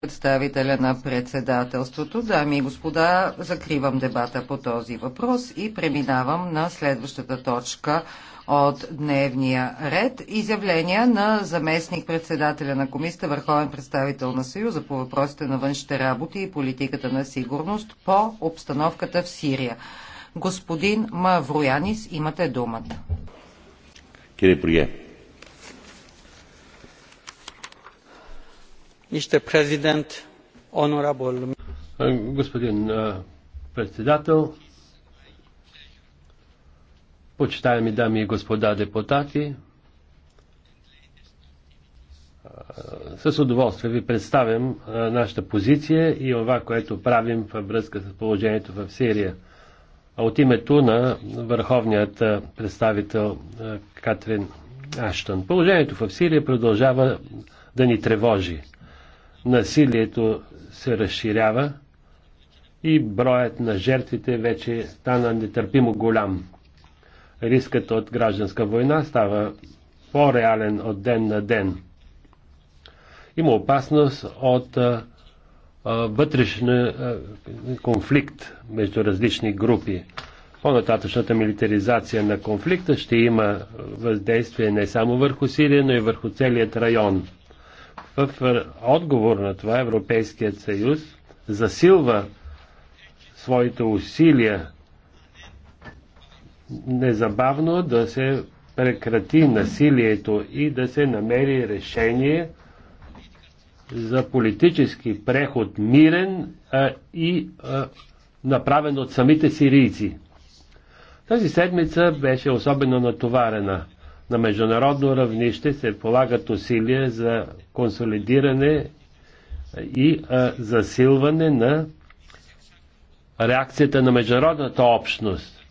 представителя на председателството. Дами и господа, закривам дебата по този въпрос и преминавам на следващата точка от дневния ред. Изявления на заместник председателя на комисията, върховен представител на Съюза по въпросите на външните работи и политиката на сигурност по обстановката в Сирия. Господин Мавроянис, имате думата. Кире Прие. Господин председател, почитаеми дами и господа депутати, с удоволствие ви представям нашата позиция и това, което правим във връзка с положението в Сирия. От името на върховният представител Катрин Аштън. Положението в Сирия продължава да ни тревожи насилието се разширява и броят на жертвите вече стана нетърпимо голям. Рискът от гражданска война става по-реален от ден на ден. Има опасност от вътрешен конфликт между различни групи. По-нататъчната милитаризация на конфликта ще има въздействие не само върху Сирия, но и върху целият район. В отговор на това Европейският съюз засилва своите усилия незабавно да се прекрати насилието и да се намери решение за политически преход мирен а, и а, направен от самите сирийци. Тази седмица беше особено натоварена. На международно равнище се полагат усилия за консолидиране и засилване на реакцията на международната общност.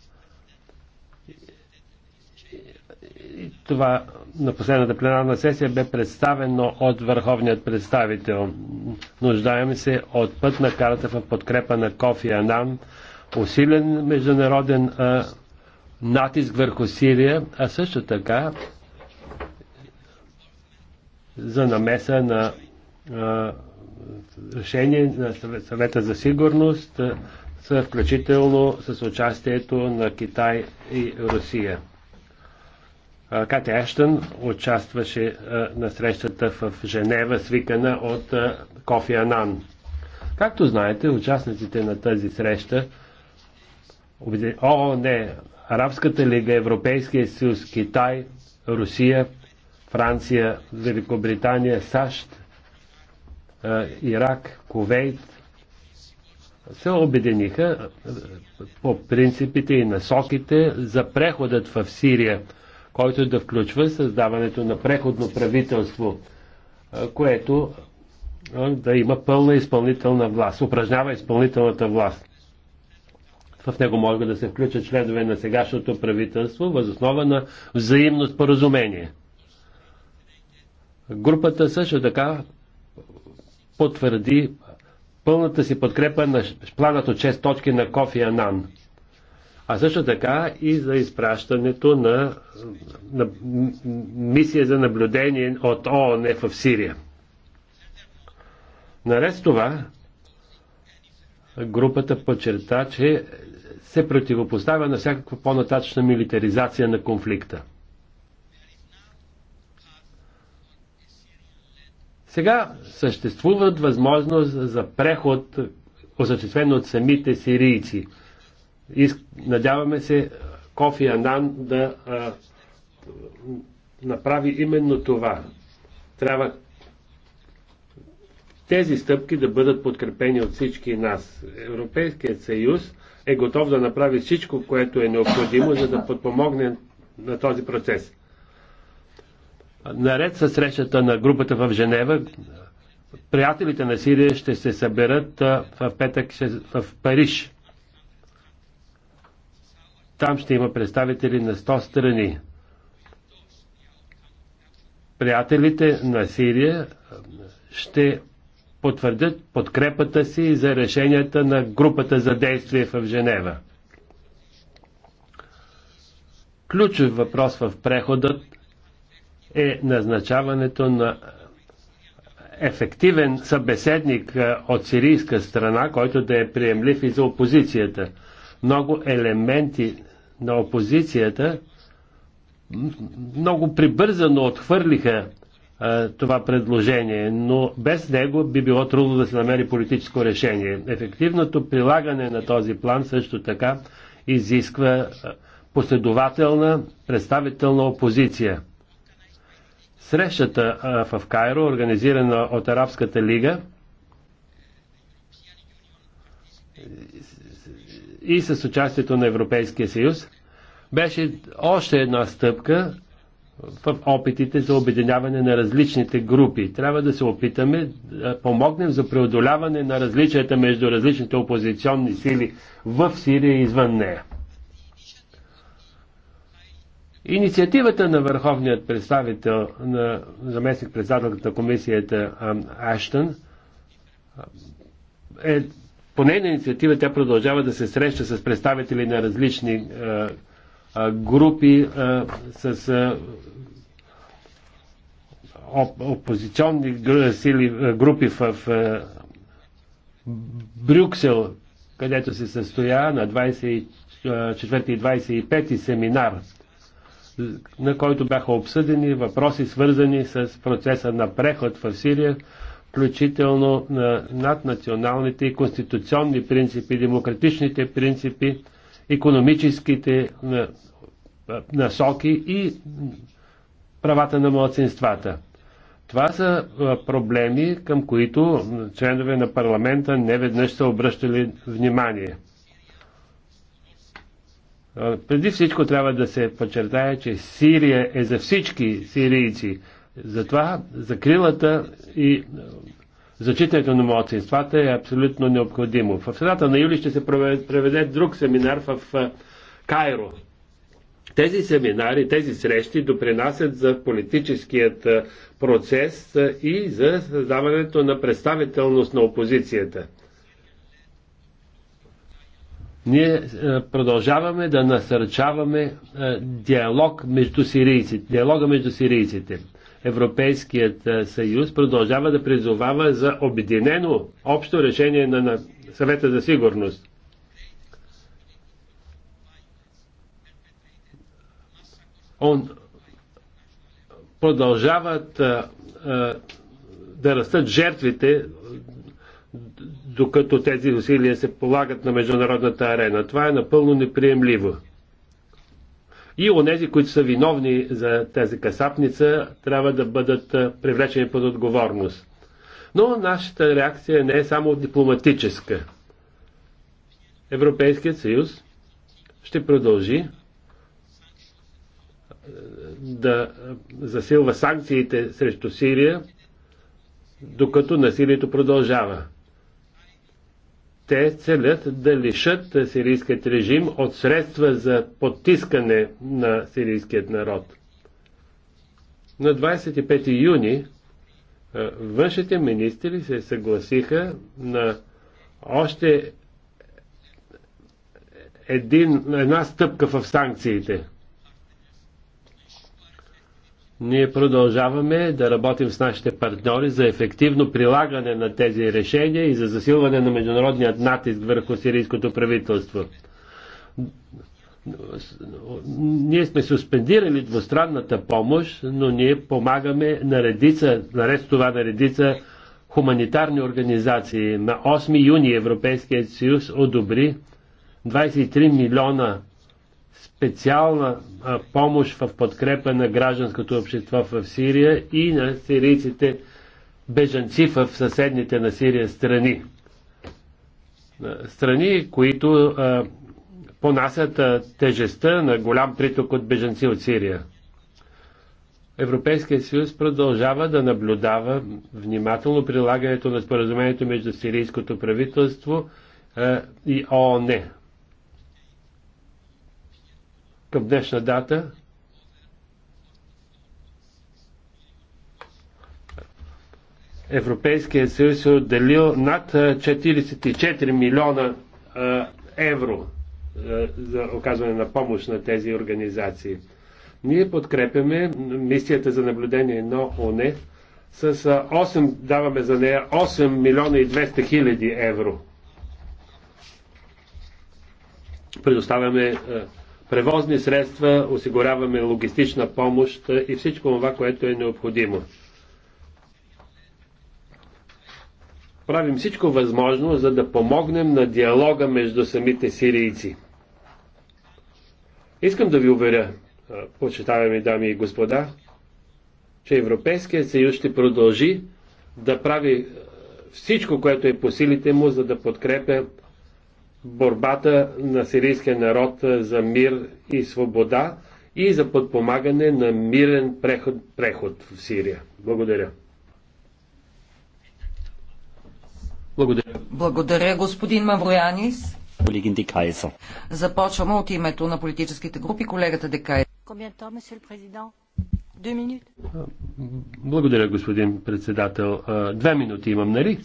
И това на последната пленарна сесия бе представено от върховният представител. Нуждаем се от път на карта в подкрепа на Кофи Анан, усилен международен а, натиск върху Сирия, а също така за намеса на а, решение на съвета за сигурност, са включително с участието на Китай и Русия. Кати Ештън участваше на срещата в Женева, свикана от Кофи Анан. Както знаете, участниците на тази среща не. Арабската лига, Европейския съюз, Китай, Русия, Франция, Великобритания, САЩ, Ирак, Ковейт се обединиха по принципите и насоките за преходът в Сирия, който да включва създаването на преходно правителство, което да има пълна изпълнителна власт, упражнява изпълнителната власт. В него могат да се включат членове на сегашното правителство, възоснова на взаимно споразумение. Групата също така потвърди пълната си подкрепа на планът от 6 точки на Кофи Анан. А също така и за изпращането на, на мисия за наблюдение от ООН в Сирия. Наред с това, групата подчерта, че се противопоставя на всякаква по-нататъчна милитаризация на конфликта. Сега съществуват възможност за преход, осъществен от самите сирийци. Надяваме се Кофи Анан да а, направи именно това. Трябва тези стъпки да бъдат подкрепени от всички нас. Европейският съюз е готов да направи всичко, което е необходимо, за да подпомогне на този процес. Наред с срещата на групата в Женева, приятелите на Сирия ще се съберат в петък в Париж. Там ще има представители на 100 страни. Приятелите на Сирия ще потвърдят подкрепата си за решенията на групата за действие в Женева. Ключов въпрос в преходът е назначаването на ефективен събеседник от сирийска страна, който да е приемлив и за опозицията. Много елементи на опозицията много прибързано отхвърлиха е, това предложение, но без него би било трудно да се намери политическо решение. Ефективното прилагане на този план също така изисква е, последователна представителна опозиция. Срещата е, в Кайро, организирана от Арабската лига и с участието на Европейския съюз, беше още една стъпка в опитите за обединяване на различните групи. Трябва да се опитаме да помогнем за преодоляване на различията между различните опозиционни сили в Сирия и извън нея. Инициативата на върховният представител на заместник председателката на комисията Аштън е по нейна инициатива тя продължава да се среща с представители на различни групи с опозиционни сили, групи в Брюксел, където се състоя на 24 и 25 семинар, на който бяха обсъдени въпроси свързани с процеса на преход в Сирия, включително на наднационалните и конституционни принципи, демократичните принципи, економическите насоки и правата на младсинствата. Това са проблеми, към които членове на парламента не веднъж са обръщали внимание. Преди всичко трябва да се подчертая, че Сирия е за всички сирийци. Затова закрилата и зачитането на младсинствата е абсолютно необходимо. В средата на юли ще се проведе друг семинар в Кайро. Тези семинари, тези срещи допринасят за политическият процес и за създаването на представителност на опозицията. Ние продължаваме да насърчаваме диалог между сирийците, диалога между сирийците. Европейският съюз продължава да призовава за обединено общо решение на, съвета за сигурност. Он продължават а, а, да растат жертвите, докато тези усилия се полагат на международната арена. Това е напълно неприемливо и онези, които са виновни за тази касапница, трябва да бъдат привлечени под отговорност. Но нашата реакция не е само дипломатическа. Европейският съюз ще продължи да засилва санкциите срещу Сирия, докато насилието продължава те целят да лишат сирийският режим от средства за потискане на сирийският народ. На 25 юни външните министри се съгласиха на още един, една стъпка в санкциите. Ние продължаваме да работим с нашите партньори за ефективно прилагане на тези решения и за засилване на международният натиск върху сирийското правителство. Ние сме суспендирали двустранната помощ, но ние помагаме на редица, наред с това на редица хуманитарни организации. На 8 юни Европейският съюз одобри 23 милиона специална а, помощ в подкрепа на гражданското общество в Сирия и на сирийците бежанци в съседните на Сирия страни. Страни, които а, понасят а, тежестта на голям приток от бежанци от Сирия. Европейския съюз продължава да наблюдава внимателно прилагането на споразумението между сирийското правителство и ООН към днешна дата Европейския съюз е отделил над 44 милиона евро за оказване на помощ на тези организации. Ние подкрепяме мисията за наблюдение на ОНЕ с 8, даваме за нея 8 милиона и 200 хиляди евро. Предоставяме превозни средства, осигуряваме логистична помощ и всичко това, което е необходимо. Правим всичко възможно, за да помогнем на диалога между самите сирийци. Искам да ви уверя, почитаваме дами и господа, че Европейският съюз ще продължи да прави всичко, което е по силите му, за да подкрепя борбата на сирийския народ за мир и свобода и за подпомагане на мирен преход, преход в Сирия. Благодаря. Благодаря. Благодаря, господин Мавроянис. Започваме от името на политическите групи. Колегата Декай. Благодаря, господин председател. Две минути имам, нали?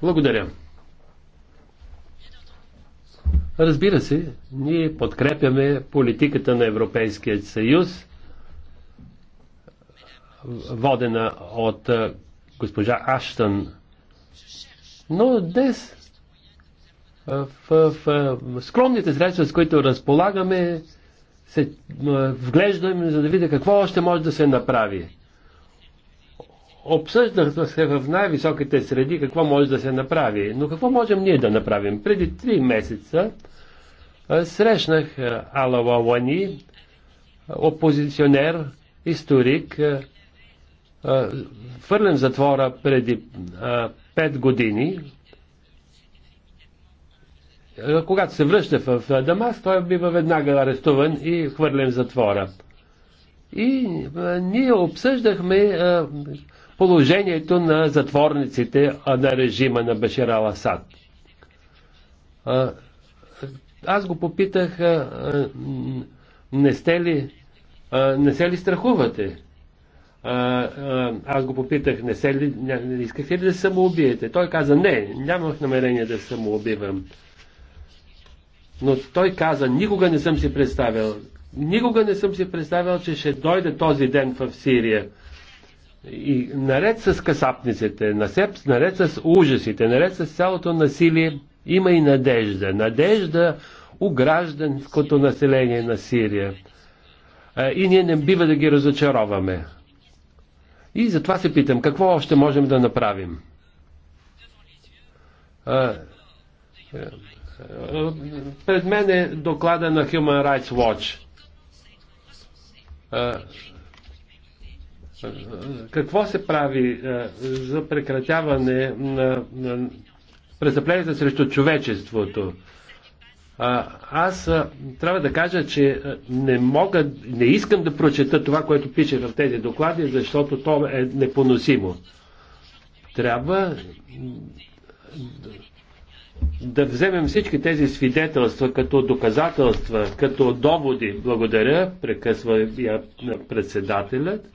Благодаря. Разбира се, ние подкрепяме политиката на Европейския съюз, водена от госпожа Аштън. Но днес в, в, в скромните средства, с които разполагаме, се вглеждаме, за да видя какво още може да се направи. Обсъждахме се в най-високите среди какво може да се направи. Но какво можем ние да направим? Преди три месеца срещнах Ала Лауани, опозиционер, историк, върлен затвора преди пет години. Когато се връща в Дамас, той бива веднага арестуван и хвърлен затвора. И ние обсъждахме положението на затворниците на режима на Баширал Асад. Аз го попитах, не сте ли, не се ли страхувате? Аз го попитах, не се ли, не искахте ли да самоубиете? Той каза, не, нямах намерение да самоубивам. Но той каза, никога не съм си представил. никога не съм си представил, че ще дойде този ден в Сирия и наред с касапниците, наред с ужасите, наред с цялото насилие, има и надежда. Надежда у гражданското население на Сирия. И ние не бива да ги разочароваме. И затова се питам, какво още можем да направим? Пред мен е доклада на Human Rights Watch. Какво се прави е, за прекратяване на, престъпленията срещу човечеството? А, аз а, е, трябва да кажа, че е, не мога, не искам да прочета това, което пише в тези доклади, защото то е непоносимо. Трябва да вземем всички тези свидетелства като доказателства, като доводи. Благодаря, прекъсва я председателят.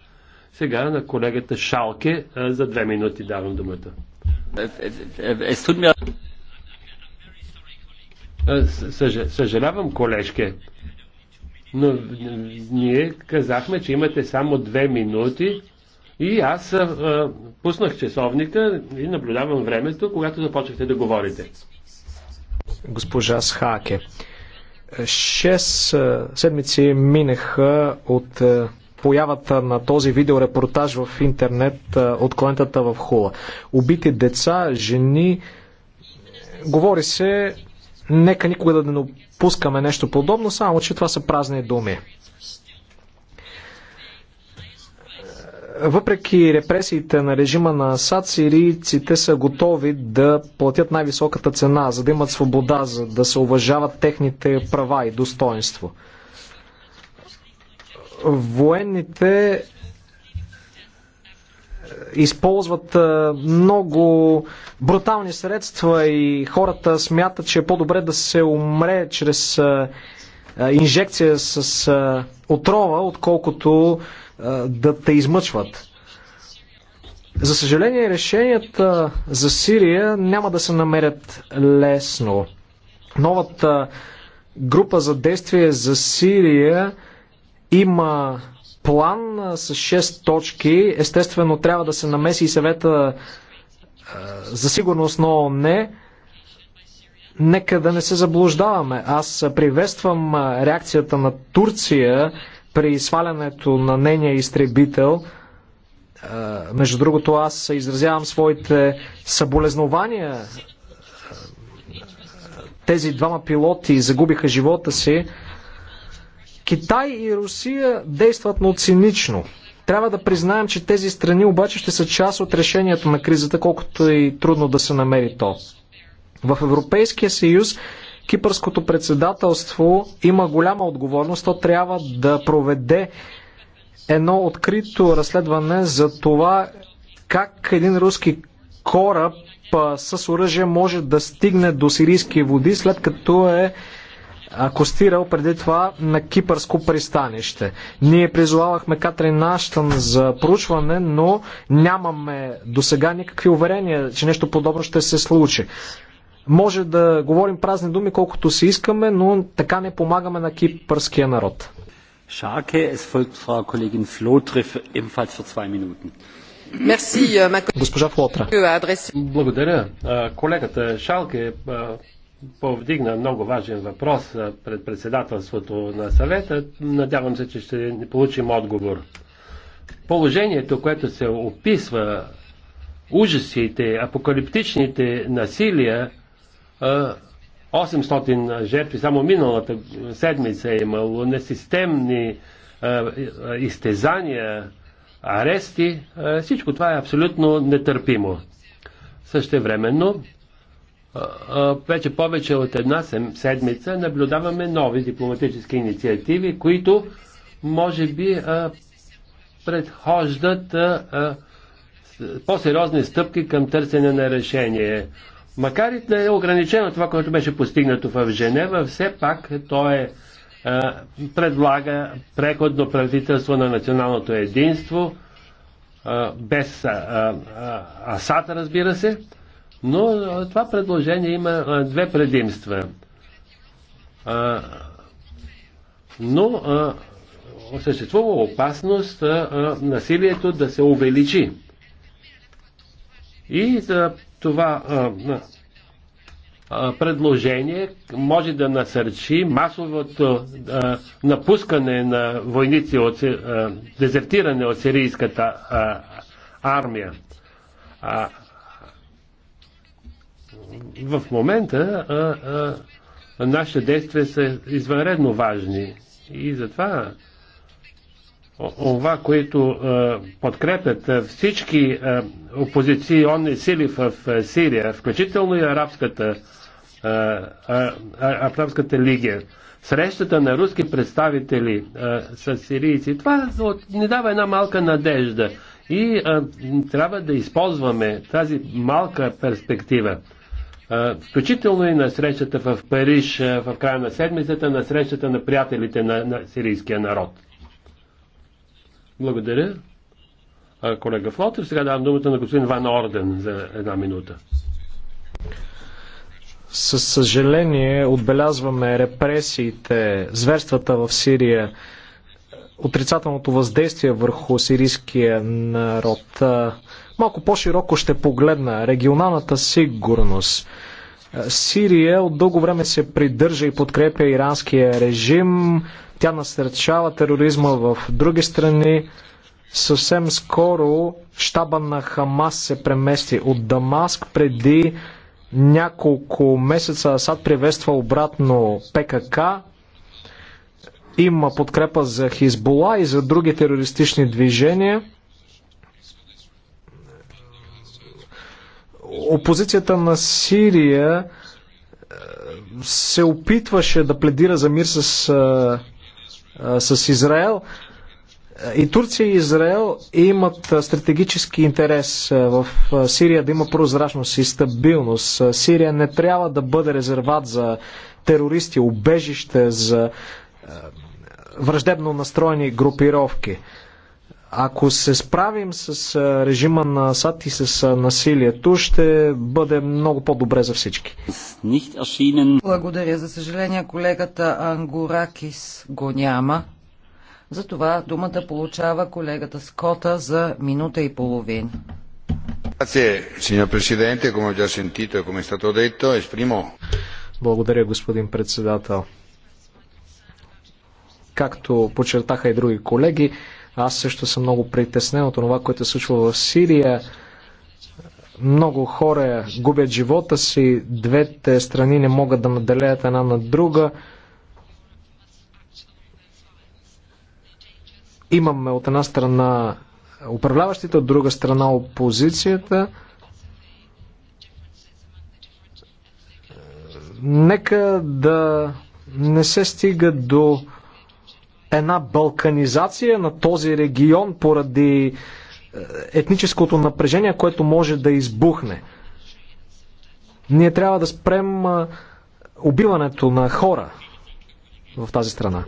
Сега на колегата Шалке за две минути давам думата. Е, е, е, съжалявам, колежке, но ние казахме, че имате само две минути и аз пуснах часовника и наблюдавам времето, когато започнахте да говорите. Госпожа Схаке, шест седмици минаха от появата на този видеорепортаж в интернет от клентата в Хула. Убити деца, жени. Говори се, нека никога да не допускаме нещо подобно, само че това са празни думи. Въпреки репресиите на режима на Асад, сирийците са готови да платят най-високата цена, за да имат свобода, за да се уважават техните права и достоинство военните е, използват е, много брутални средства и хората смятат, че е по-добре да се умре чрез е, инжекция с отрова, отколкото да те измъчват. За съжаление, решенията за Сирия няма да се намерят лесно. Новата група за действие за Сирия има план с 6 точки. Естествено, трябва да се намеси и съвета е, за сигурност на не. Нека да не се заблуждаваме. Аз приветствам е, реакцията на Турция при свалянето на нейния изтребител. Е, между другото, аз изразявам своите съболезнования. Тези двама пилоти загубиха живота си. Китай и Русия действат но цинично. Трябва да признаем, че тези страни обаче ще са част от решението на кризата, колкото и трудно да се намери то. В Европейския съюз кипърското председателство има голяма отговорност. То трябва да проведе едно открито разследване за това как един руски кораб с оръжие може да стигне до сирийски води, след като е акостирал преди това на кипърско пристанище. Ние призовавахме Катрин Аштън за проучване, но нямаме до сега никакви уверения, че нещо подобно ще се случи. Може да говорим празни думи колкото си искаме, но така не помагаме на кипърския народ. Euh, Госпожа Флотра. Благодаря. Колегата Шалке повдигна много важен въпрос пред председателството на съвета. Надявам се, че ще получим отговор. Положението, което се описва, ужасите, апокалиптичните насилия, 800 жертви само миналата седмица е имало, несистемни изтезания, арести, всичко това е абсолютно нетърпимо. Същевременно, вече повече от една седмица наблюдаваме нови дипломатически инициативи, които може би предхождат по-сериозни стъпки към търсене на решение. Макар и да е ограничено това, което беше постигнато в Женева, все пак то е, предлага преходно правителство на националното единство, без Асад, разбира се, но това предложение има две предимства. Но съществува опасност насилието да се увеличи. И за това предложение може да насърчи масовото а, напускане на войници, от, а, дезертиране от сирийската а, армия. А, в момента а, а, нашите действия са извънредно важни. И затова това, което а, подкрепят всички а, опозиционни сили в а, Сирия, включително и арабската, а, а, арабската лигия, срещата на руски представители а, с сирийци, това ни дава една малка надежда. И а, трябва да използваме тази малка перспектива включително и на срещата в Париж в края на седмицата, на срещата на приятелите на, на сирийския народ. Благодаря. Колега Флотер, сега давам думата на господин Ван Орден за една минута. Със съжаление отбелязваме репресиите, зверствата в Сирия отрицателното въздействие върху сирийския народ. Малко по-широко ще погледна регионалната сигурност. Сирия от дълго време се придържа и подкрепя иранския режим. Тя насърчава тероризма в други страни. Съвсем скоро щаба на Хамас се премести от Дамаск преди няколко месеца Асад приветства обратно ПКК има подкрепа за Хизбола и за други терористични движения. Опозицията на Сирия е, се опитваше да пледира за мир с, е, е, с Израел. И Турция и Израел имат стратегически интерес в Сирия да има прозрачност и стабилност. Сирия не трябва да бъде резерват за терористи, убежище за враждебно настроени групировки. Ако се справим с режима на Асад и с насилието, ще бъде много по-добре за всички. Благодаря. За съжаление, колегата Ангуракис го няма. Затова думата получава колегата Скота за минута и половин. E Благодаря, господин председател. Както подчертаха и други колеги, аз също съм много притеснен от това, което се случва в Сирия. Много хора губят живота си, двете страни не могат да наделят една на друга. Имаме от една страна управляващите, от друга страна опозицията. Нека да не се стига до една балканизация на този регион поради е, етническото напрежение, което може да избухне. Ние трябва да спрем е, убиването на хора в тази страна.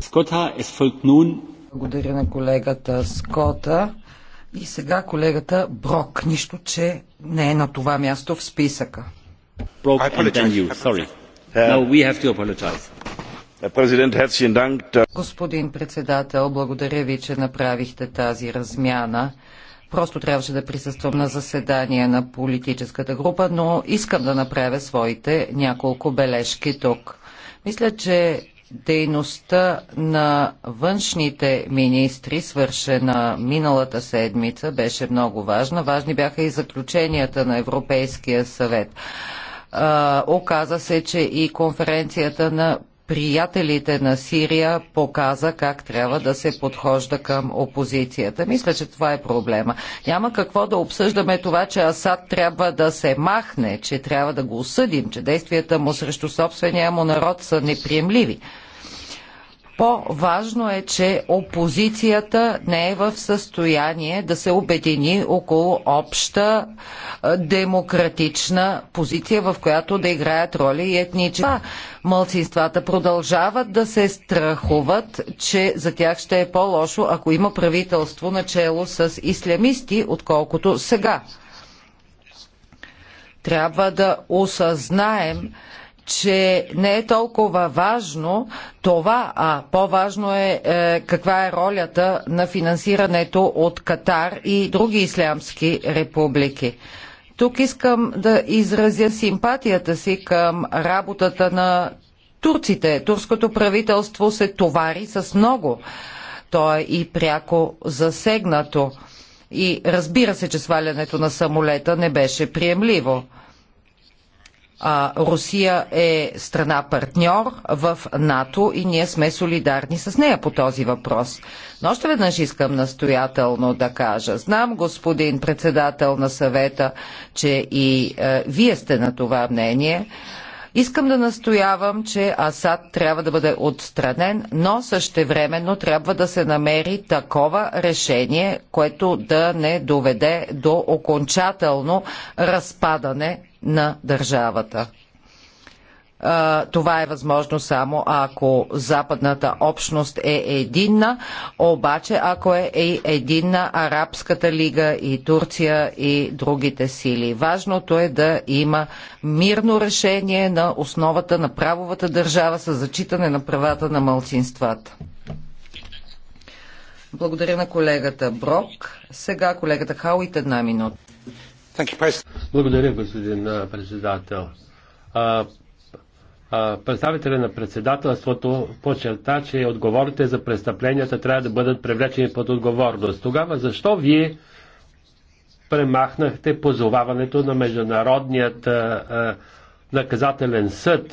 Благодаря на колегата Скота. И сега колегата Брок. Нищо, че не е на това място в списъка. Брок, Господин председател, благодаря ви, че направихте тази размяна. Просто трябваше да присъствам на заседание на политическата група, но искам да направя своите няколко бележки тук. Мисля, че дейността на външните министри, свършена миналата седмица, беше много важна. Важни бяха и заключенията на Европейския съвет. оказа се, че и конференцията на приятелите на Сирия показа как трябва да се подхожда към опозицията. Мисля, че това е проблема. Няма какво да обсъждаме това, че Асад трябва да се махне, че трябва да го осъдим, че действията му срещу собствения му народ са неприемливи. По-важно е, че опозицията не е в състояние да се обедини около обща демократична позиция, в която да играят роли и етнически. Мълцинствата продължават да се страхуват, че за тях ще е по-лошо, ако има правителство начело с ислямисти, отколкото сега. Трябва да осъзнаем, че не е толкова важно това, а по-важно е, е каква е ролята на финансирането от Катар и други ислямски републики. Тук искам да изразя симпатията си към работата на турците. Турското правителство се товари с много. То е и пряко засегнато. И разбира се, че свалянето на самолета не беше приемливо. Русия е страна партньор в НАТО и ние сме солидарни с нея по този въпрос. Но още веднъж искам настоятелно да кажа. Знам, господин председател на съвета, че и е, вие сте на това мнение. Искам да настоявам, че Асад трябва да бъде отстранен, но същевременно трябва да се намери такова решение, което да не доведе до окончателно разпадане на държавата. Това е възможно само ако западната общност е единна, обаче ако е единна Арабската лига и Турция и другите сили. Важното е да има мирно решение на основата на правовата държава с зачитане на правата на малцинствата. Благодаря на колегата Брок. Сега колегата Хауит една минута. Благодаря, господин председател. Представителя на председателството подчерта, че отговорите за престъпленията трябва да бъдат привлечени под отговорност. Тогава защо вие премахнахте позоваването на Международният наказателен съд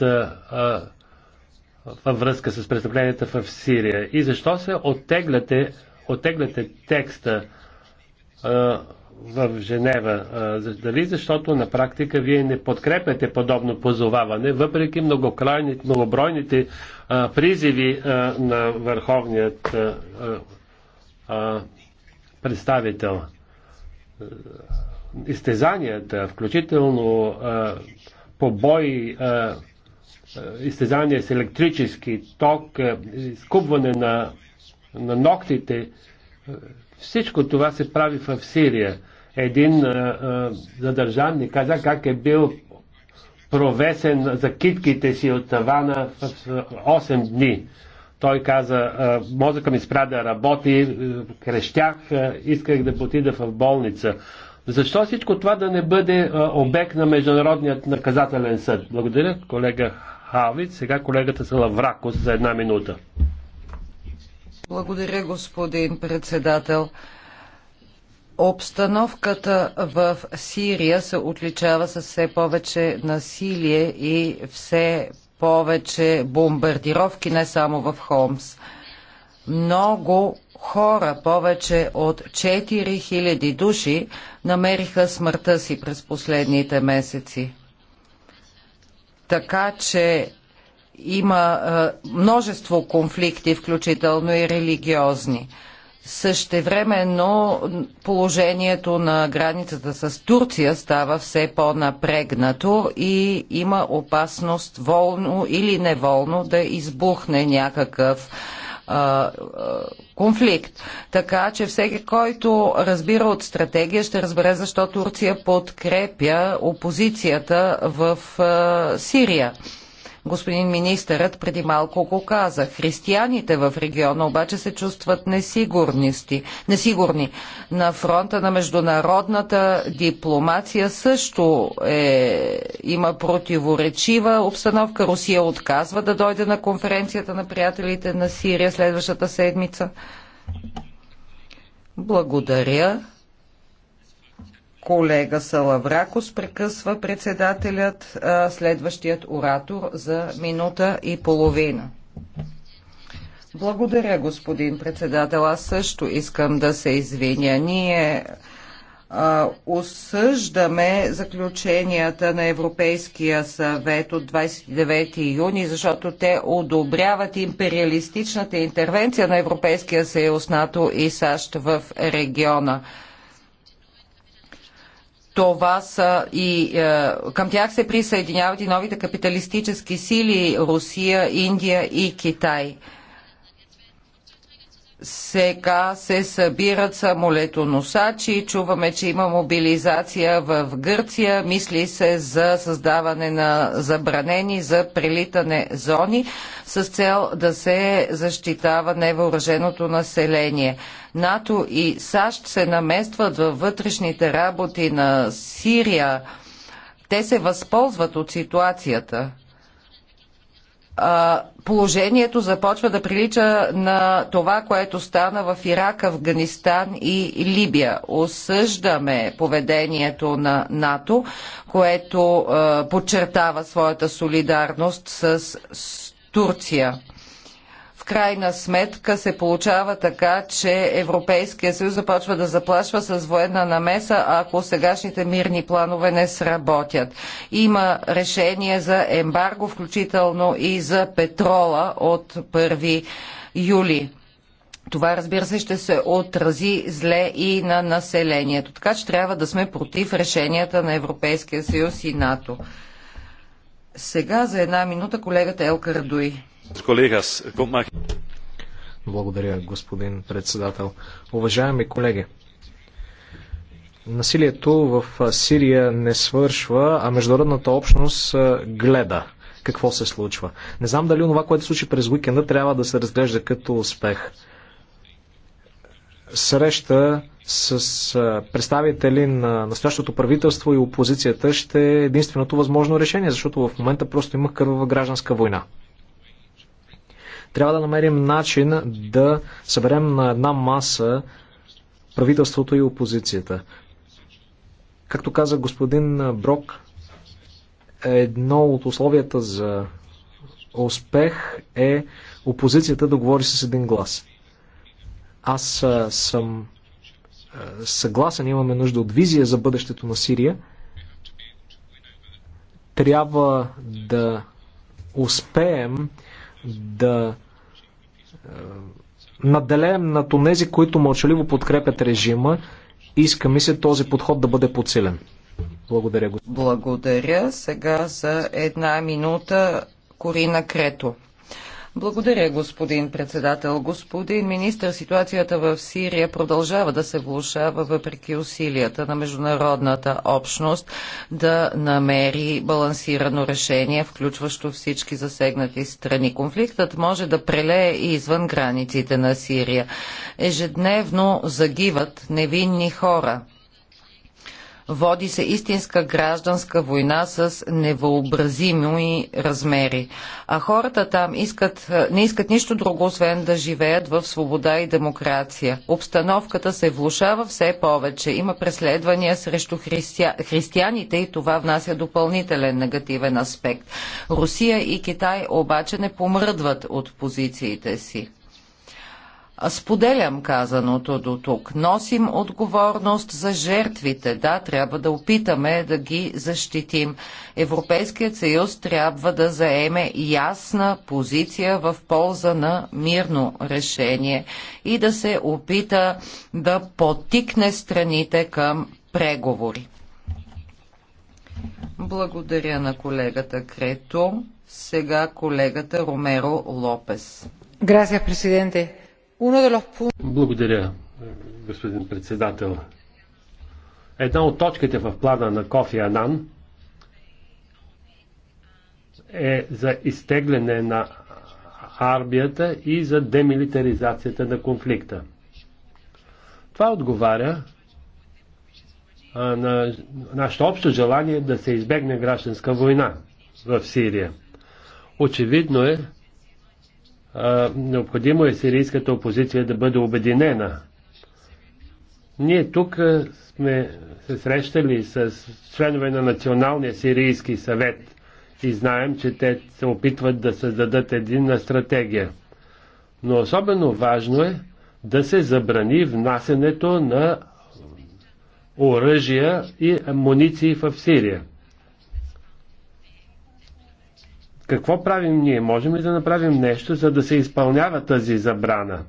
във връзка с престъпленията в Сирия? И защо се оттегляте, оттегляте текста в Женева. Дали защото на практика вие не подкрепяте подобно позоваване, въпреки многобройните призиви на върховният представител. Изтезанията, включително побои, изтезания с електрически ток, изкупване на, на ногтите, всичко това се прави в Сирия един задържан и каза как е бил провесен за китките си от тавана в 8 дни. Той каза, мозъка ми спря да работи, крещях, исках да отида в болница. Защо всичко това да не бъде обект на Международният наказателен съд? Благодаря, колега Хавиц. Сега колегата Салавракос за една минута. Благодаря, господин председател. Обстановката в Сирия се отличава с все повече насилие и все повече бомбардировки, не само в Холмс. Много хора, повече от 4000 души, намериха смъртта си през последните месеци. Така че има е, множество конфликти, включително и религиозни. Същевременно положението на границата с Турция става все по-напрегнато и има опасност волно или неволно да избухне някакъв конфликт. Така че всеки, който разбира от стратегия, ще разбере защо Турция подкрепя опозицията в Сирия. Господин министърът преди малко го каза. Християните в региона обаче се чувстват несигурни. На фронта на международната дипломация също е, има противоречива обстановка. Русия отказва да дойде на конференцията на приятелите на Сирия следващата седмица. Благодаря колега Салавракос. Прекъсва председателят следващият оратор за минута и половина. Благодаря, господин председател. Аз също искам да се извиня. Ние осъждаме заключенията на Европейския съвет от 29 юни, защото те одобряват империалистичната интервенция на Европейския съюз, НАТО и САЩ в региона това са и е, към тях се присъединяват и новите капиталистически сили Русия, Индия и Китай. Сега се събират самолетоносачи, чуваме, че има мобилизация в Гърция, мисли се за създаване на забранени за прелитане зони с цел да се защитава невъоръженото население. НАТО и САЩ се наместват във вътрешните работи на Сирия. Те се възползват от ситуацията положението започва да прилича на това, което стана в Ирак, Афганистан и Либия. Осъждаме поведението на НАТО, което подчертава своята солидарност с Турция в крайна сметка се получава така, че Европейския съюз започва да заплашва с военна намеса, ако сегашните мирни планове не сработят. Има решение за ембарго, включително и за петрола от 1 юли. Това, разбира се, ще се отрази зле и на населението. Така че трябва да сме против решенията на Европейския съюз и НАТО. Сега за една минута колегата Ел Кардуи. Благодаря, господин председател. Уважаеми колеги, насилието в Сирия не свършва, а международната общност гледа какво се случва. Не знам дали това, което се случи през уикенда, трябва да се разглежда като успех. Среща с представители на настоящото правителство и опозицията ще е единственото възможно решение, защото в момента просто има кървава гражданска война. Трябва да намерим начин да съберем на една маса правителството и опозицията. Както каза господин Брок, едно от условията за успех е опозицията да говори с един глас. Аз съм е, съгласен, имаме нужда от визия за бъдещето на Сирия. Трябва да успеем да е, наделеем на онези, които мълчаливо подкрепят режима. Иска ми се този подход да бъде подсилен. Благодаря, господин. Благодаря. Сега за една минута Корина Крето. Благодаря, господин председател. Господин министр, ситуацията в Сирия продължава да се влушава въпреки усилията на международната общност да намери балансирано решение, включващо всички засегнати страни. Конфликтът може да прелее и извън границите на Сирия. Ежедневно загиват невинни хора Води се истинска гражданска война с невъобразими размери. А хората там искат, не искат нищо друго, освен да живеят в свобода и демокрация. Обстановката се влушава все повече. Има преследвания срещу христия, християните и това внася допълнителен негативен аспект. Русия и Китай обаче не помръдват от позициите си. Споделям казаното до тук. Носим отговорност за жертвите. Да, трябва да опитаме да ги защитим. Европейският съюз трябва да заеме ясна позиция в полза на мирно решение и да се опита да потикне страните към преговори. Благодаря на колегата Крето. Сега колегата Ромеро Лопес. Грация, президенте. Благодаря, господин председател. Една от точките в плана на Кофи Анан е за изтегляне на армията и за демилитаризацията на конфликта. Това отговаря на нашето общо желание да се избегне гражданска война в Сирия. Очевидно е, необходимо е сирийската опозиция да бъде обединена. Ние тук сме се срещали с членове на Националния сирийски съвет и знаем, че те се опитват да създадат единна стратегия. Но особено важно е да се забрани внасенето на оръжия и амуниции в Сирия. Какво правим ние? Можем ли да направим нещо, за да се изпълнява тази забрана?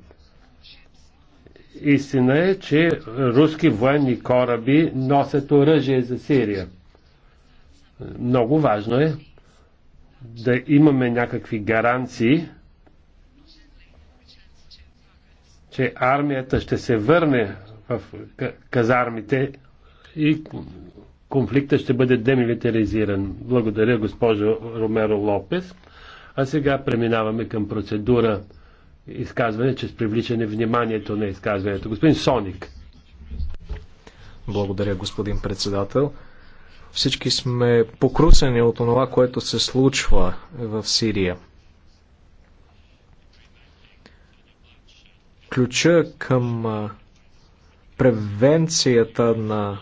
Истина е, че руски военни кораби носят оръжие за Сирия. Много важно е да имаме някакви гаранции, че армията ще се върне в казармите и конфликта ще бъде демилитаризиран. Благодаря, госпожо Ромеро Лопес. А сега преминаваме към процедура изказване, чрез привличане вниманието на изказването. Господин Соник. Благодаря, господин председател. Всички сме покрусени от това, което се случва в Сирия. Ключа към превенцията на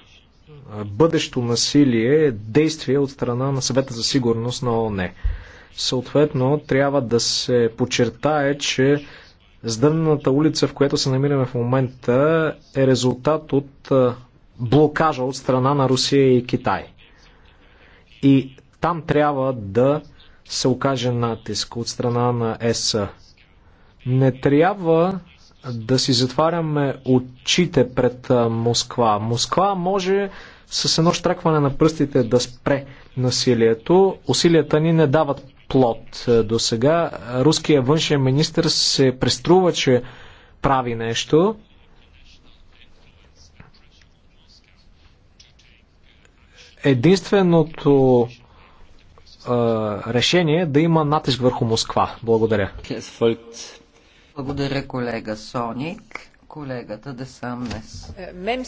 бъдещо насилие е действие от страна на съвета за сигурност на ООН. Съответно, трябва да се подчертае, че Здънната улица, в която се намираме в момента, е резултат от блокажа от страна на Русия и Китай. И там трябва да се окаже натиск от страна на ЕС. Не трябва да си затваряме очите пред Москва. Москва може с едно штракване на пръстите да спре насилието. Усилията ни не дават плод до сега. Руският външен министр се преструва, че прави нещо. Единственото решение е да има натиск върху Москва. Благодаря. Благодаря, колега Соник. Колегата Десамнес. Е,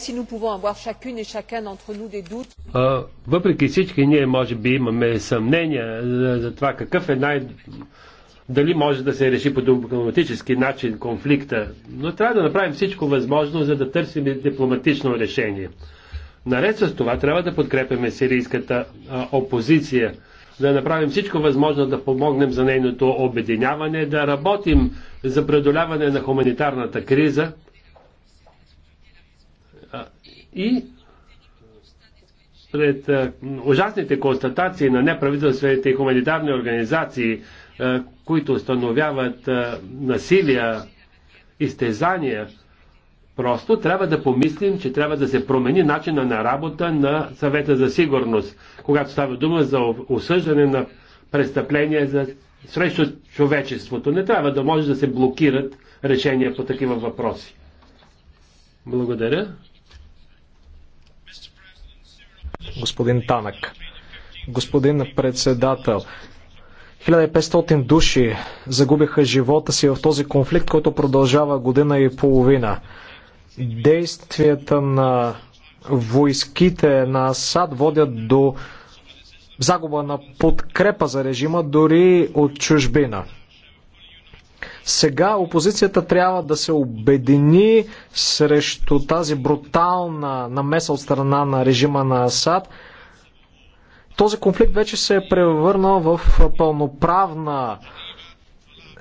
въпреки всички ние може би имаме съмнения за, за това какъв е най... дали може да се реши по дипломатически начин конфликта, но трябва да направим всичко възможно, за да търсим дипломатично решение. Наред с това трябва да подкрепяме сирийската а, опозиция да направим всичко възможно да помогнем за нейното обединяване, да работим за преодоляване на хуманитарната криза и пред ужасните констатации на неправителствените и хуманитарни организации, които установяват насилия, изтезания, Просто трябва да помислим, че трябва да се промени начина на работа на съвета за сигурност, когато става дума за осъждане на престъпления за, срещу човечеството. Не трябва да може да се блокират решения по такива въпроси. Благодаря. Господин Танък. Господин председател, 1500 души загубиха живота си в този конфликт, който продължава година и половина действията на войските на Асад водят до загуба на подкрепа за режима дори от чужбина. Сега опозицията трябва да се обедини срещу тази брутална намеса от страна на режима на Асад. Този конфликт вече се е превърнал в пълноправна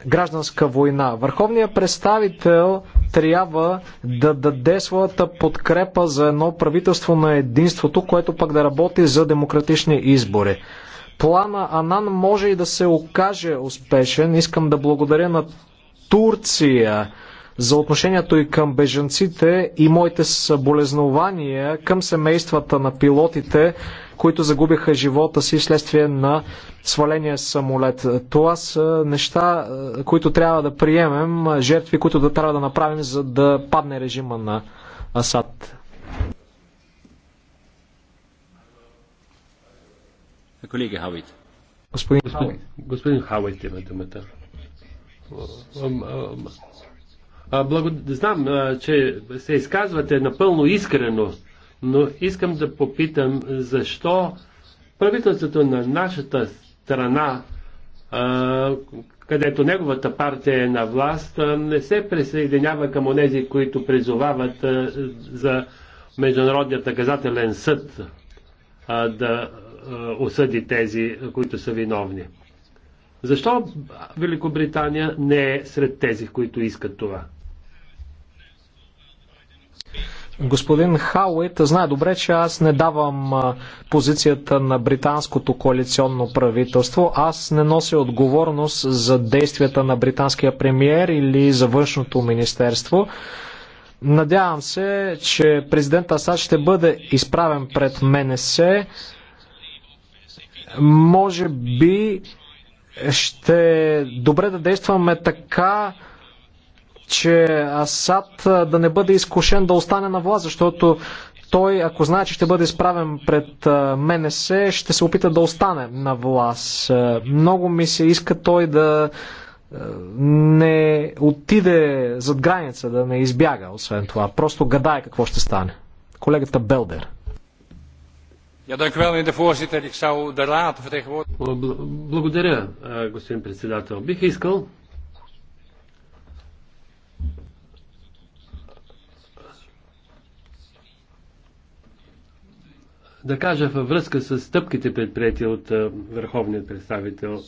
гражданска война. Върховният представител трябва да даде своята подкрепа за едно правителство на единството, което пък да работи за демократични избори. Плана Анан може и да се окаже успешен. Искам да благодаря на Турция за отношението и към беженците и моите съболезнования към семействата на пилотите които загубиха живота си вследствие на сваления самолет. Това са неща, е, които трябва да приемем, е, жертви, които да трябва да направим, за да падне режима на Асад. Колега Хавит. Господин, господин, Хавит има думата. Благод... Знам, че се изказвате напълно искрено но искам да попитам защо правителството на нашата страна, където неговата партия е на власт, не се присъединява към онези, които призовават за Международният наказателен съд да осъди тези, които са виновни. Защо Великобритания не е сред тези, които искат това? Господин Хауит знае добре, че аз не давам позицията на британското коалиционно правителство. Аз не нося отговорност за действията на британския премиер или за външното министерство. Надявам се, че президент Асад ще бъде изправен пред МНС. Може би ще добре да действаме така, че Асад да не бъде изкушен да остане на власт, защото той, ако знае, че ще бъде изправен пред МНС, ще се опита да остане на власт. Много ми се иска той да не отиде зад граница, да не избяга, освен това. Просто гадае какво ще стане. Колегата Белдер. Благодаря, господин председател. Бих искал да кажа във връзка с стъпките предприяти от върховният представител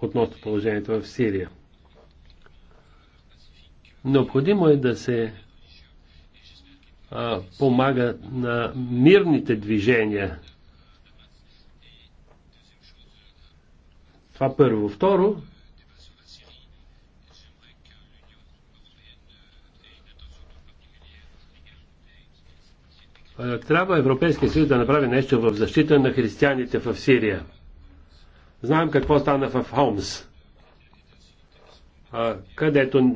относно положението в Сирия. Необходимо е да се а, помага на мирните движения. Това първо. Второ, Е, трябва Европейския съюз да направи нещо в защита на християните в Сирия. Знаем какво стана в Холмс, където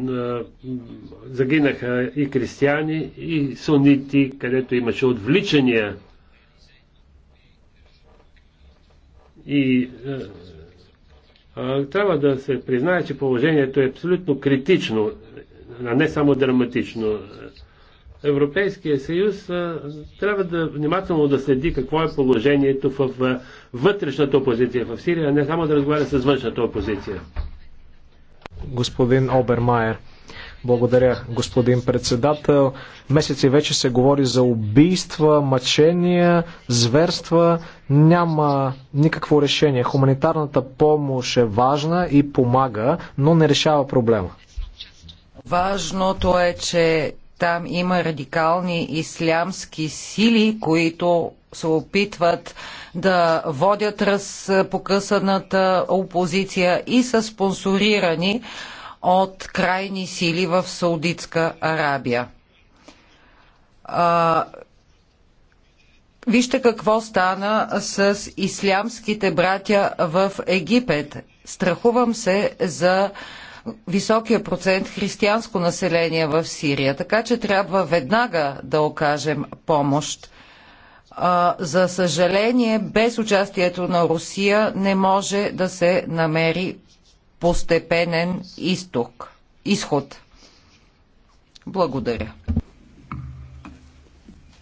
загинаха и християни, и сунити, където имаше отвличания. И е, трябва да се признае, че положението е абсолютно критично, а не само драматично. Европейския съюз трябва да внимателно да следи какво е положението в вътрешната опозиция в Сирия, а не само да разговаря с външната опозиция. Господин Обермайер, благодаря, господин председател. Месеци вече се говори за убийства, мъчения, зверства. Няма никакво решение. Хуманитарната помощ е важна и помага, но не решава проблема. Важното е, че там има радикални ислямски сили, които се опитват да водят разпокъсаната опозиция и са спонсорирани от крайни сили в Саудитска Арабия. А, вижте какво стана с ислямските братя в Египет. Страхувам се за високия процент християнско население в Сирия. Така че трябва веднага да окажем помощ. За съжаление, без участието на Русия не може да се намери постепенен изток, изход. Благодаря.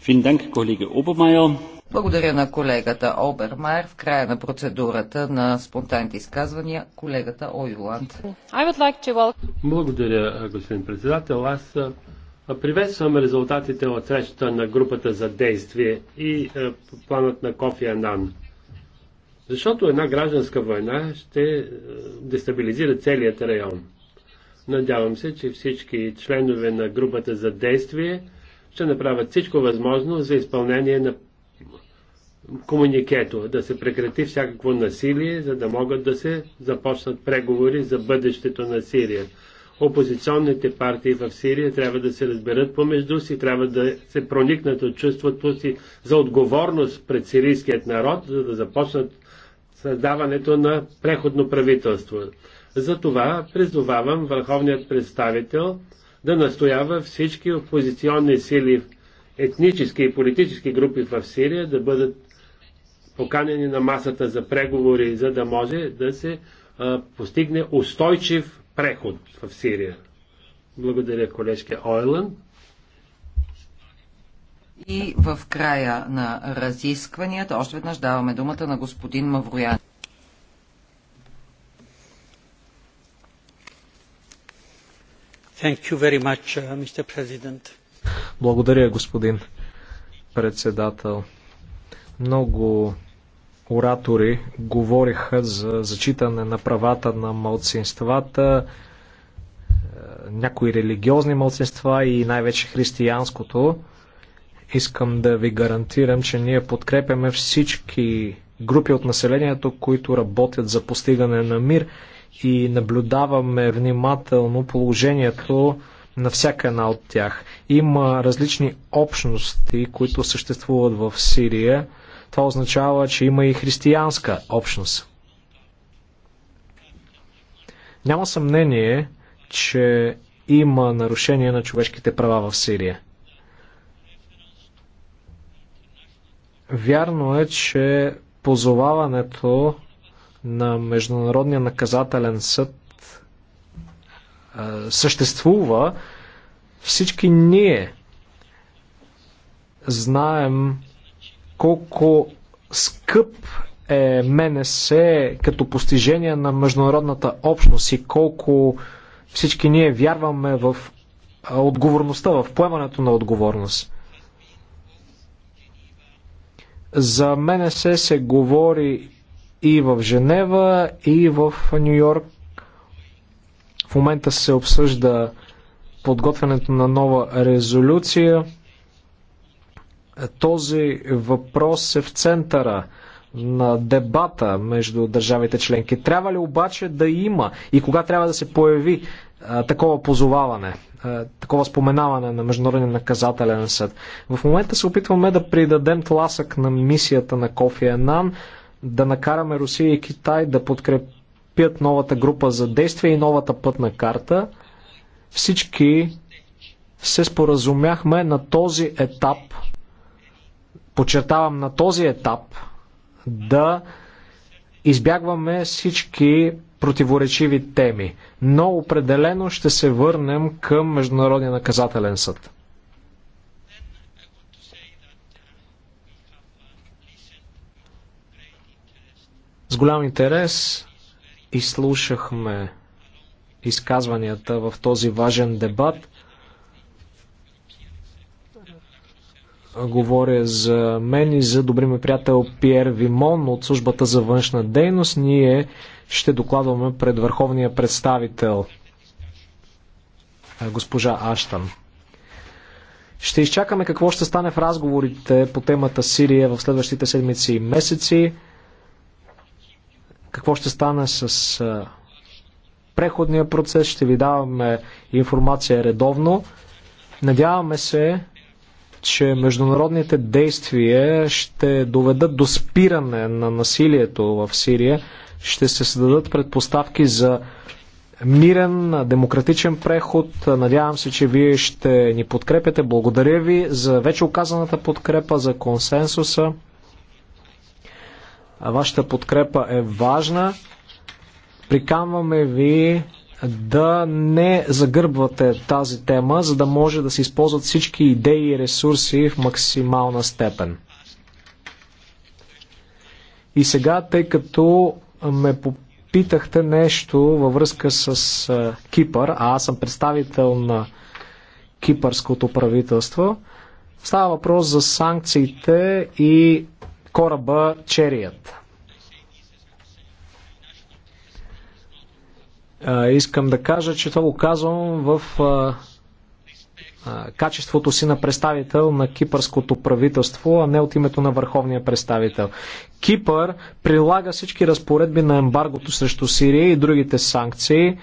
Vielen Dank, Kollege Obermeier. Благодаря на колегата Обермайер. В края на процедурата на спонтанните изказвания колегата Ойланд. Like Благодаря, господин председател. Аз приветствам резултатите от срещата на групата за действие и планът на Кофи Анан. Защото една гражданска война ще дестабилизира целият район. Надявам се, че всички членове на групата за действие ще направят всичко възможно за изпълнение на комуникето, да се прекрати всякакво насилие, за да могат да се започнат преговори за бъдещето на Сирия. Опозиционните партии в Сирия трябва да се разберат помежду си, трябва да се проникнат от чувството си за отговорност пред сирийският народ, за да започнат създаването на преходно правителство. Затова призовавам върховният представител да настоява всички опозиционни сили етнически и политически групи в Сирия да бъдат поканени на масата за преговори, за да може да се а, постигне устойчив преход в Сирия. Благодаря, колежке Ойлан. И в края на разискванията още веднъж даваме думата на господин Мавроян. Much, uh, Благодаря, господин председател. Много оратори говориха за зачитане на правата на малцинствата, е, някои религиозни малцинства и най-вече християнското. Искам да ви гарантирам, че ние подкрепяме всички групи от населението, които работят за постигане на мир и наблюдаваме внимателно положението на всяка една от тях. Има различни общности, които съществуват в Сирия. Това означава, че има и християнска общност. Няма съмнение, че има нарушение на човешките права в Сирия. Вярно е, че позоваването на Международния наказателен съд съществува. Всички ние знаем колко скъп е МНС като постижение на международната общност и колко всички ние вярваме в отговорността, в поемането на отговорност. За МНС се говори и в Женева, и в Нью Йорк. В момента се обсъжда подготвянето на нова резолюция. Този въпрос е в центъра на дебата между държавите членки. Трябва ли обаче да има и кога трябва да се появи а, такова позоваване, а, такова споменаване на Международния наказателен съд? В момента се опитваме да придадем тласък на мисията на Кофи Енан, да накараме Русия и Китай да подкрепят новата група за действие и новата пътна карта. Всички се споразумяхме на този етап подчертавам на този етап, да избягваме всички противоречиви теми, но определено ще се върнем към Международния наказателен съд. С голям интерес изслушахме изказванията в този важен дебат. говоря за мен и за добри приятел Пьер Вимон от службата за външна дейност. Ние ще докладваме пред върховния представител госпожа Аштан. Ще изчакаме какво ще стане в разговорите по темата Сирия в следващите седмици и месеци. Какво ще стане с преходния процес, ще ви даваме информация редовно. Надяваме се че международните действия ще доведат до спиране на насилието в Сирия, ще се създадат предпоставки за мирен, демократичен преход. Надявам се, че вие ще ни подкрепяте. Благодаря ви за вече оказаната подкрепа, за консенсуса. Вашата подкрепа е важна. Приканваме ви да не загърбвате тази тема, за да може да се използват всички идеи и ресурси в максимална степен. И сега, тъй като ме попитахте нещо във връзка с Кипър, а аз съм представител на кипърското правителство, става въпрос за санкциите и кораба Черият. Искам да кажа, че това го казвам в качеството си на представител на кипърското правителство, а не от името на върховния представител. Кипър прилага всички разпоредби на ембаргото срещу Сирия и другите санкции.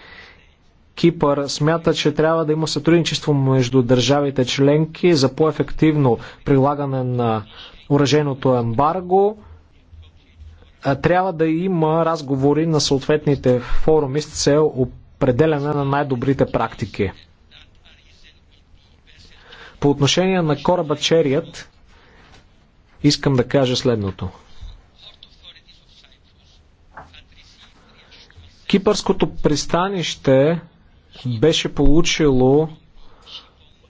Кипър смята, че трябва да има сътрудничество между държавите членки за по-ефективно прилагане на оръжейното ембарго трябва да има разговори на съответните форуми с цел определяне на най-добрите практики. По отношение на кораба Черият, искам да кажа следното. Кипърското пристанище беше получило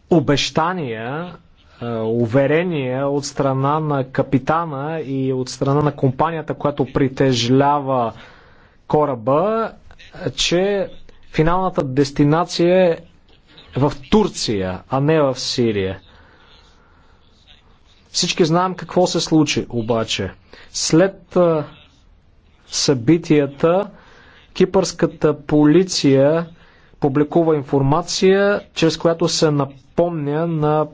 обещания е, уверения от страна на капитана и от страна на компанията, която притежлява кораба, че финалната дестинация е в Турция, а не в Сирия. Всички знаем какво се случи обаче. След е, събитията, кипърската полиция публикува информация, чрез която се напомня на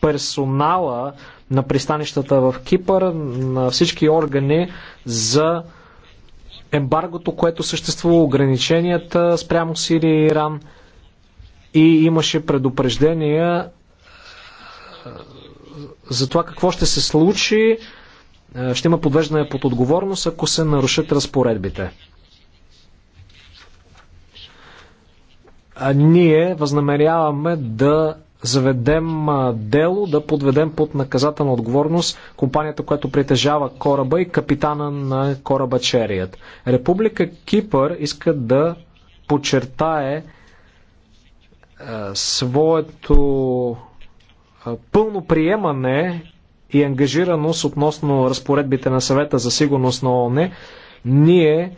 персонала на пристанищата в Кипър, на всички органи за ембаргото, което съществува, ограниченията спрямо Сирия и Иран и имаше предупреждения за това какво ще се случи, ще има подвеждане под отговорност, ако се нарушат разпоредбите. А ние възнамеряваме да заведем дело, да подведем под наказателна отговорност компанията, която притежава кораба и капитана на кораба Черият. Република Кипър иска да подчертае своето пълно приемане и ангажираност относно разпоредбите на съвета за сигурност на ООН. Ние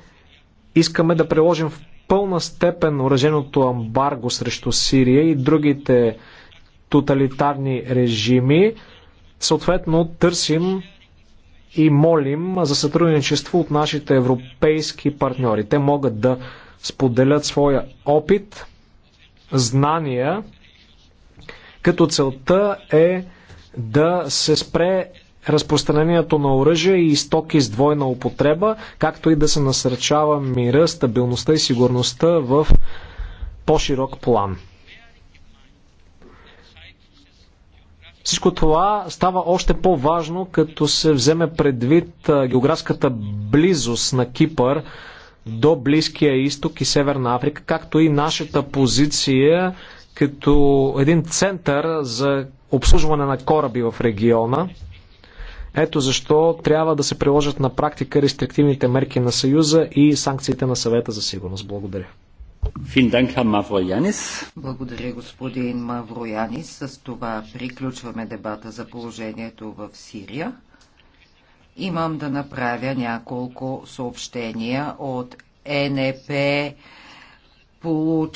искаме да приложим в пълна степен уръженото амбарго срещу Сирия и другите тоталитарни режими. Съответно, търсим и молим за сътрудничество от нашите европейски партньори. Те могат да споделят своя опит, знания, като целта е да се спре разпространението на оръжие и стоки с двойна употреба, както и да се насърчава мира, стабилността и сигурността в по-широк план. Всичко това става още по-важно, като се вземе предвид географската близост на Кипър до Близкия изток и Северна Африка, както и нашата позиция като един център за обслужване на кораби в региона. Ето защо трябва да се приложат на практика рестриктивните мерки на Съюза и санкциите на съвета за сигурност. Благодаря. Благодаря, господин Мавроянис. С това приключваме дебата за положението в Сирия. Имам да направя няколко съобщения от НП. Получи